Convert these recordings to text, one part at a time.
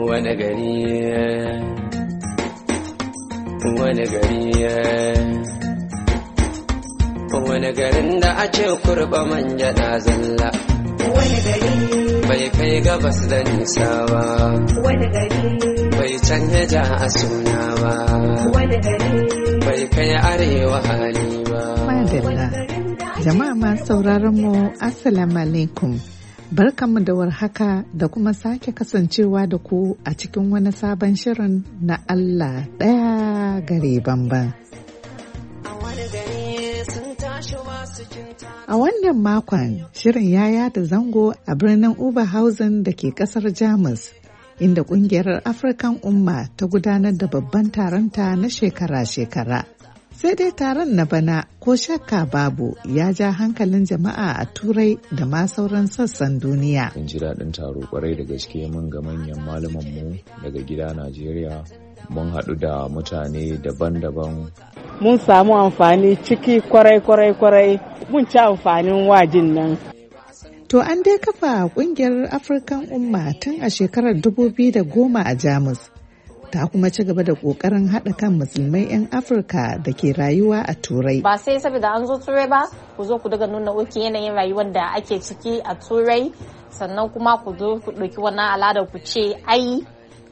wani gari wani gari wani garin da a ce kurba manja na zalla wani gari bai kai gabas da nisa ba wani gari bai canja ja a suna ba wani gari bai kai arewa hali ba madalla jama'a ma sauraron mu assalamu alaikum Barkanmu da warhaka da kuma sake kasancewa da ku a cikin wani sabon shirin na Allah ɗaya gare bamban. A wannan makon shirin ya yada zango a birnin Oberhausen da ke kasar Jamus, inda kungiyar African Umma ta gudanar da babban taronta na shekara-shekara. sai dai taron na bana ko shakka babu ya ja hankalin jama'a a turai da ma sauran sassan duniya. In ji daɗin taro kwarai da gaske mun ga manyan mu daga gida Najeriya mun haɗu da mutane daban-daban. Mun samu amfani ciki kwarai-kwarai-kwarai mun ci amfanin wajin nan. To an dai kafa kungiyar Afirkan Umma tun a shekarar 2010 a Jamus. ta kuma ci gaba da kokarin haɗa kan musulmai 'yan afirka da ke rayuwa a turai ba sai saboda an zo turai ba ku zo ku daga nuna uki yanayin rayuwar da ake ciki a turai sannan kuma ku zo ku ɗauki wannan al'ada ku ce ai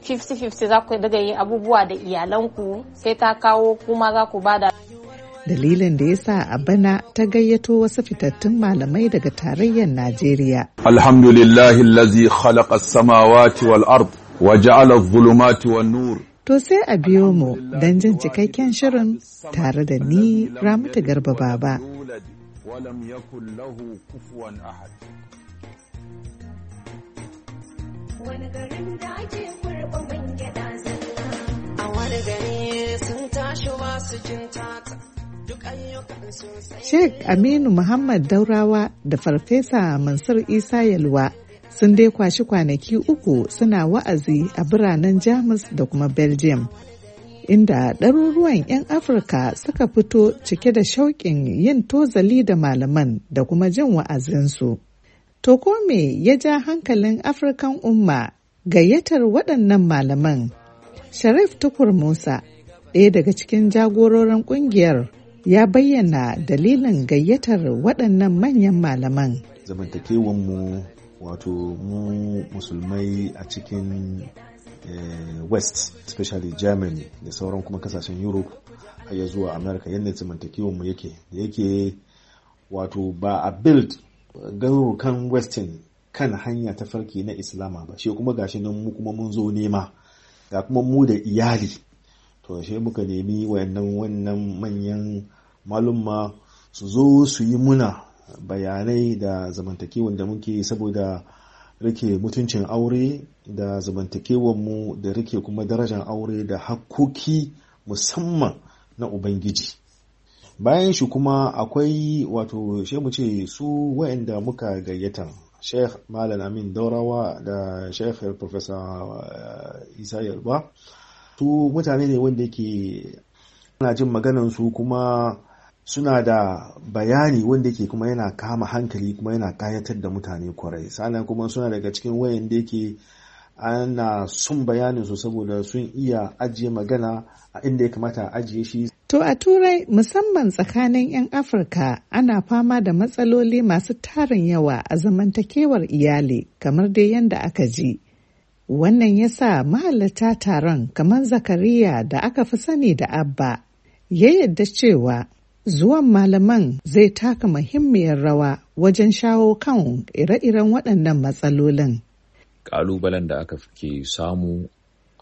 50-50 za ku daga yin abubuwa da iyalanku sai ta kawo kuma za ku bada dalilin da ya sa a bana ta gayyato wasu fitattun malamai daga tarayyar Najeriya. Alhamdulillahi lazi khalaqa samawati wal ard wa ja'ala adh-dhulumati wan-nur To sai a biyo mu don jin cikakken shirin tare da ni Ramatu Garba Baba. Wani garin da ake kurɓa man gyaɗa zalla. A wani gari sun tashi masu jin taka. Sheikh Aminu Muhammad Daurawa da Farfesa Mansur Isa Yalwa sun dai kwashi kwanaki uku suna wa'azi a biranen Jamus da kuma Belgium. Inda ɗaruruwan 'yan Afirka suka fito cike da shauƙin yin tozali da malaman da kuma jin wa'azinsu. To me ya ja hankalin Afirkan umma gayyatar waɗannan malaman? Sharif Tukur Musa, ɗaya daga cikin jagororin ƙungiyar, ya bayyana dalilin gayyatar waɗannan manyan malaman. Zamantakewanmu wato mu musulmai a cikin eh, west especially germany da sauran kuma kasashen europe har zuwa america yadda zamantakewar mu yake da yake wato ba a build garurukan western kan hanya ta farki na islama ba shi kuma gashi nan mu kuma mun zo nema ga kuma mu da iyali to shi muka nemi wayannan wannan manyan malumma su zo su yi muna bayanai da zamantakewan da muke saboda rike mutuncin aure da mu da rike kuma darajar aure da hakkoki musamman na ubangiji bayan shi kuma akwai wato shi mu ce su wa'anda muka gayyata sheikh malam amin daurawa da sheikh professor eh, isa yalba su mutane ne wanda ke ana jin maganansu kuma suna da bayani wanda yake kuma yana kama hankali kuma yana kayatar da mutane kwarai sannan kuma suna daga cikin wayan da yake ana sun bayanin su saboda sun iya ajiye magana a inda ya kamata ajiye shi To a Turai musamman tsakanin 'yan Afirka ana fama da matsaloli masu tarin yawa a zamantakewar iyali kamar dai yadda aka ji. Wannan ya sa mahalarta taron kamar Zakariya da aka fi sani da Abba ya yadda cewa Zuwan malaman zai taka muhimmiyar rawa wajen shawo kan ire-iren waɗannan matsalolin. Ƙalubalen da aka ke samu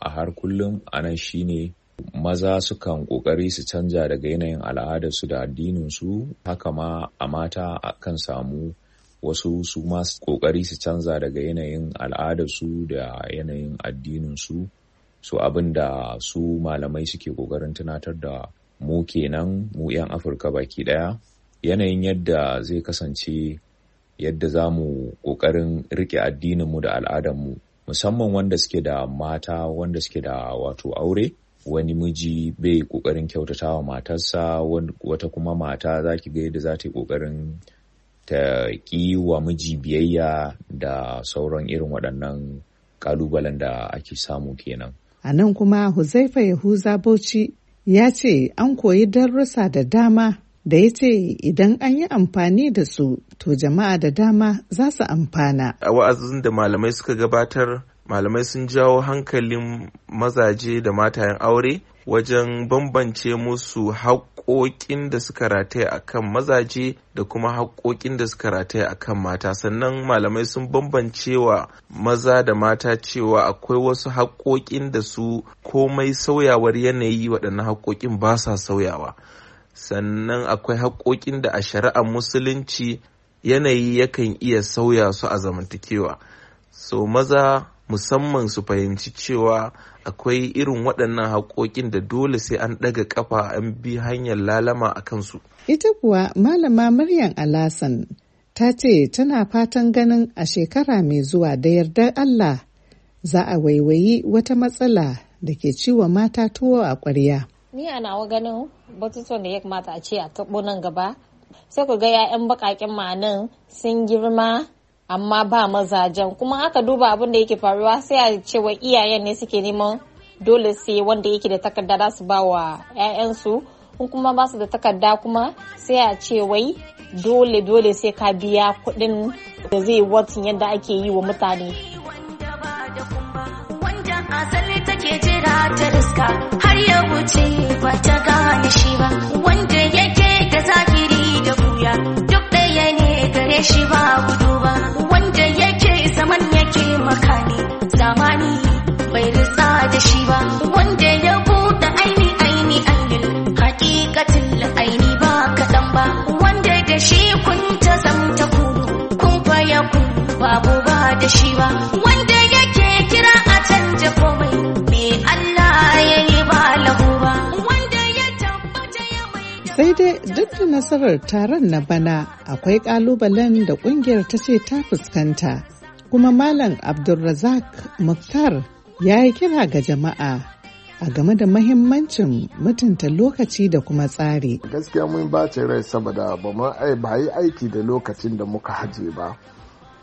a har kullum a nan shi ne. maza sukan ƙoƙari su canja daga yanayin al'adarsu da addininsu haka ma a mata kan samu wasu su ma ƙoƙari su canza daga yanayin al'adarsu da yanayin addininsu su abin da su malamai suke ƙoƙarin tunatar da mu kenan mu 'yan afirka baki daya yanayin yadda zai kasance yadda za mu ƙoƙarin riƙe addininmu da al'adarmu musamman wanda suke da mata wanda suke da wato aure wani miji bai ƙoƙarin kyautata wa matarsa wata kuma mata za ki ga za ta yi ƙoƙarin ta ƙi wa miji biyayya da sauran irin waɗannan ƙalubalen da ake samu kenan. A nan kuma Huzaifa Yahuza Bauchi ya ce an koyi darussa da dama da ya ce idan an yi amfani da su to jama'a da dama za su amfana. A wa'azin da malamai suka gabatar malamai sun jawo hankalin mazaje da matayen aure wajen bambance musu haƙ haƙoƙin da suka rataya a kan mazaje da kuma haƙoƙin da suka rataya a kan mata sannan malamai sun bambance wa maza da mata cewa akwai wasu haƙoƙin da su komai sauyawar yanayi waɗannan haƙoƙin ba sa sauyawa sannan akwai haƙoƙin da a shari'ar musulunci yanayi yakan iya sauya su a zamantakewa so maza musamman su fahimci cewa akwai irin waɗannan haƙoƙin da dole sai an ɗaga ƙafa an bi hanyar lalama a kansu. Ita kuwa Malama Maryam Alasan ta ce tana fatan ganin a shekara mai zuwa da yardar Allah za a waiwayi wata matsala da ke ciwa mata tuwo a ƙwarya. Ni a nawa ganin batutuwan da ya kamata a ce a taɓo nan gaba sai ku ga 'ya'yan baƙaƙen ma'anan sun girma amma ba mazajen kuma aka duba abin da yake faruwa sai a cewa iyayen ne suke neman dole sai wanda yake da takarda za su ba wa 'ya'yansu in kuma ba su da takarda kuma sai a ce wai dole dole sai ka biya kuɗin da zai watin yadda ake yi wa mutane asali yake da zahiri da buya duk gare shi ba wanda yake kira a canja komai me Allah ya yi ba lahu sai dai duk da nasarar taron na bana akwai kalubalen da kungiyar ta ce ta fuskanta kuma malam abdulrazak muktar ya yi kira ga jama'a a game da mahimmancin mutunta lokaci da kuma tsari. Gaskiya mun bace rai saboda ba ma ba yi aiki da lokacin da muka haje ba.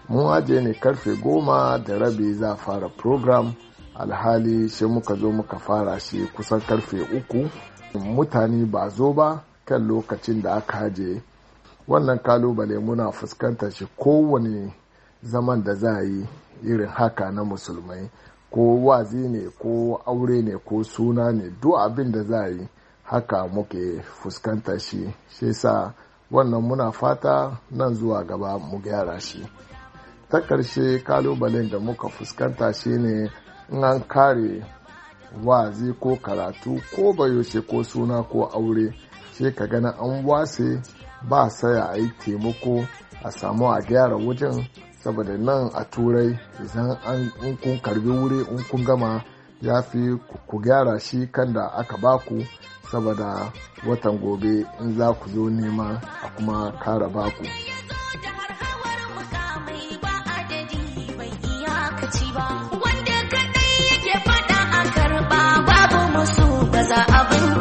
mu aje ne karfe goma da rabi za fara program alhali sai muka zo muka fara shi kusan karfe uku mutane ba zo ba kan lokacin da aka haje wannan kalubale muna fuskantar shi kowane zaman da za a yi irin haka na musulmai ko wazi ne ko aure ne ko suna ne duk abin da za a yi haka muke fuskanta shi shi sa wannan muna fata nan zuwa gaba mu gyara shi ta ƙarshe kalubalen da muka fuskanta shine in an kare wazi ko karatu ko bayoshe ko suna ko aure sai ka gana an wase ba saya a yi taimako a samu a gyara wajen saboda nan a turai idan an kun karbi wuri in kun gama ya fi ku gyara shi kan da aka baku saboda watan gobe in za ku zo nema a kuma kara baku.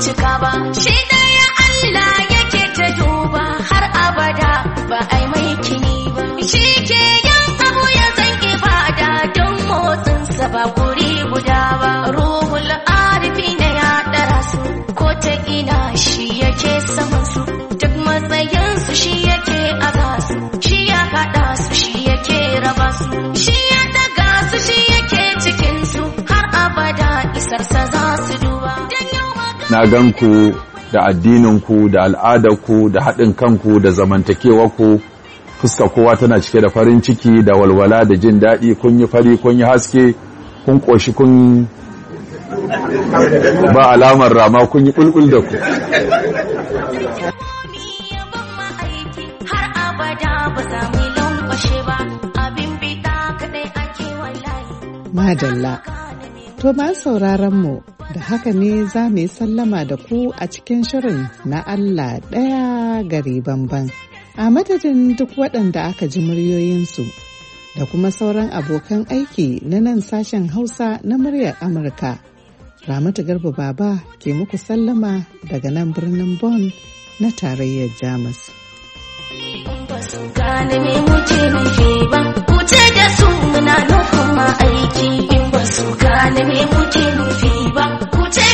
cika ba shi ɗaya Allah yake ta duba har abada ba ai mai kini ba shi ke yan abu ya zan ibada don motsinsa ba guri guda ba ruhul arifi ne ya ɗara ko ta ina shi yake saman su duk matsayin su shi yake a su, shi ya haɗa su shi yake raba su shi na ganku da addininku da al'adarku da haɗin kanku da zamantakewarku fuska kowa tana cike da farin ciki da walwala da jin daɗi kun yi fari kun yi haske kun ƙoshi kun ba alamar rama kun yi ƙulƙul da ku madalla To ma sauraron mu da haka ne za mu yi sallama da ku a cikin shirin na Allah ɗaya gari banban. A madadin duk waɗanda aka ji muryoyinsu da kuma sauran abokan aiki na nan sashen Hausa na muryar Amurka. Ramatu Garba Baba ke muku sallama daga nan birnin Bonn na tarayyar Jamus. Ku ce da su muna nufin aiki. su gane me muke nufi ba ku ce